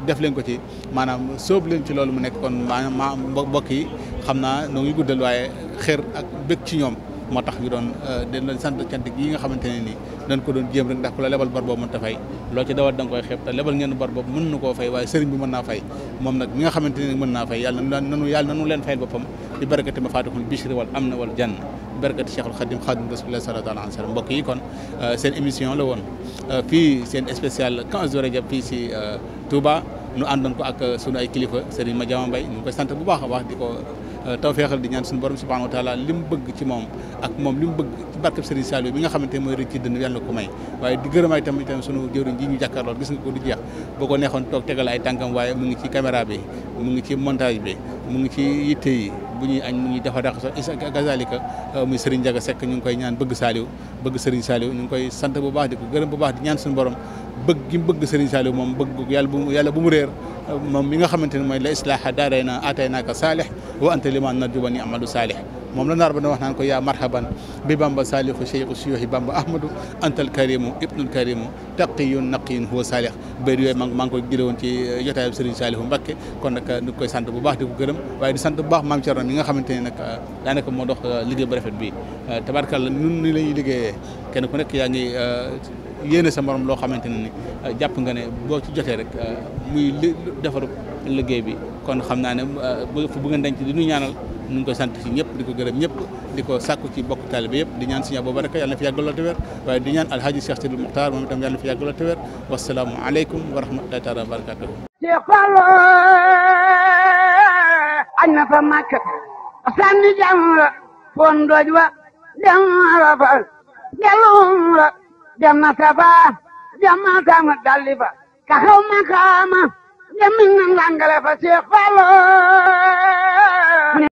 def leen ko ci maanaam sóob leen ci loolu mu nekk kon maanaam mbokk yi xam naa noo ngi guddal waaye xër ak bëgg ci ñoom moo tax ñu doon euh, sant cant yi nga xamante nii dañ ko doon jéem rek ndax ku la lebal bar boobu mën ta fay loo ci dawal da nga koy xeeb te lebal ngeen bar mën na koo fay waaye sëriñ bi mën naa fay moom nag mi nga xamante ne mën naa fay yàlla nanu leen fayal boppam di barakati ma faatihul bishri wal amna wal jann barakati cheikhul xadim xadim rasulillah sallallahu alayhi wa mbokk yi kon euh, seen émission la woon euh, fii seen spécial 15 jours a Euh, tawféexal di ñaan suñu borom subhanahu wa taala li mu bëgg ci moom ak moom li bëgg ci barkeb Serigne bi nga xamante mooy rëcc ci dënn yàlla ko may waaye di gërëmaay tamit tamit sunu jëwriñ ji ñu jàkkaarloo gis nga ko du jeex boo ko neexoon toog tegal ay tànkam waaye mu ngi ci caméra bi mu ngi ci montage bi mu ngi ci yitte yi bu ñuy añ mu ngi dafa dàq sax isa gazalika euh, muy Serigne Jaga Seck ñu ngi koy ñaan bëgg Saliou bëgg Serigne Saliou ñu ngi koy sant bu baax di ko gërëm suñu borom bëgg gi mu bëgg Serigne Saliou moom bëgg yàlla bu mu yàlla bu mu réer moom mi nga xamante ne mooy la islaaha daaray na aatay naaka saalih wa anta liman narjuba ni amalu saalih moom la naar ba ne wax naan ko yaa marhaban bi bamba saalihu cheikhu siyoohi bamba ahmadou antal karimu ibnul karimu taqiyun naqiyun huwa saalih béy yooyu ma maa ngi koy jëlee woon ci jotaayu Serigne bu baax di ko gërëm waaye di sant bu baax maam Thierno mi nga xamante ne nag ah, moo dox ah, liggéey bu rafet bi ah, tabarkalla nun ni yéene sa morom loo xamante ne ni euh, jàpp nga ne boo ci jotee rek euh, muy li defaru liggéey bi kon xam naa ne euh, bu ngeen denc di ñu ñaanal ñu ngi koy sant ci ñëpp di ko gërëm ñëpp di ko sàkku ci bokk taalibe yëpp di ñaan Sëriñ Abuubakar yàlla na fi yàggaloo te wér waaye di ñaan Alhaaji Cheikh Sidil Muxtaar moom itam yàlla na fi yàggaloo te wér wasalaamu aleykum wa la foon dem na safa dem na sama dalli fa ka xaw ma kaama dem na langale fa Seex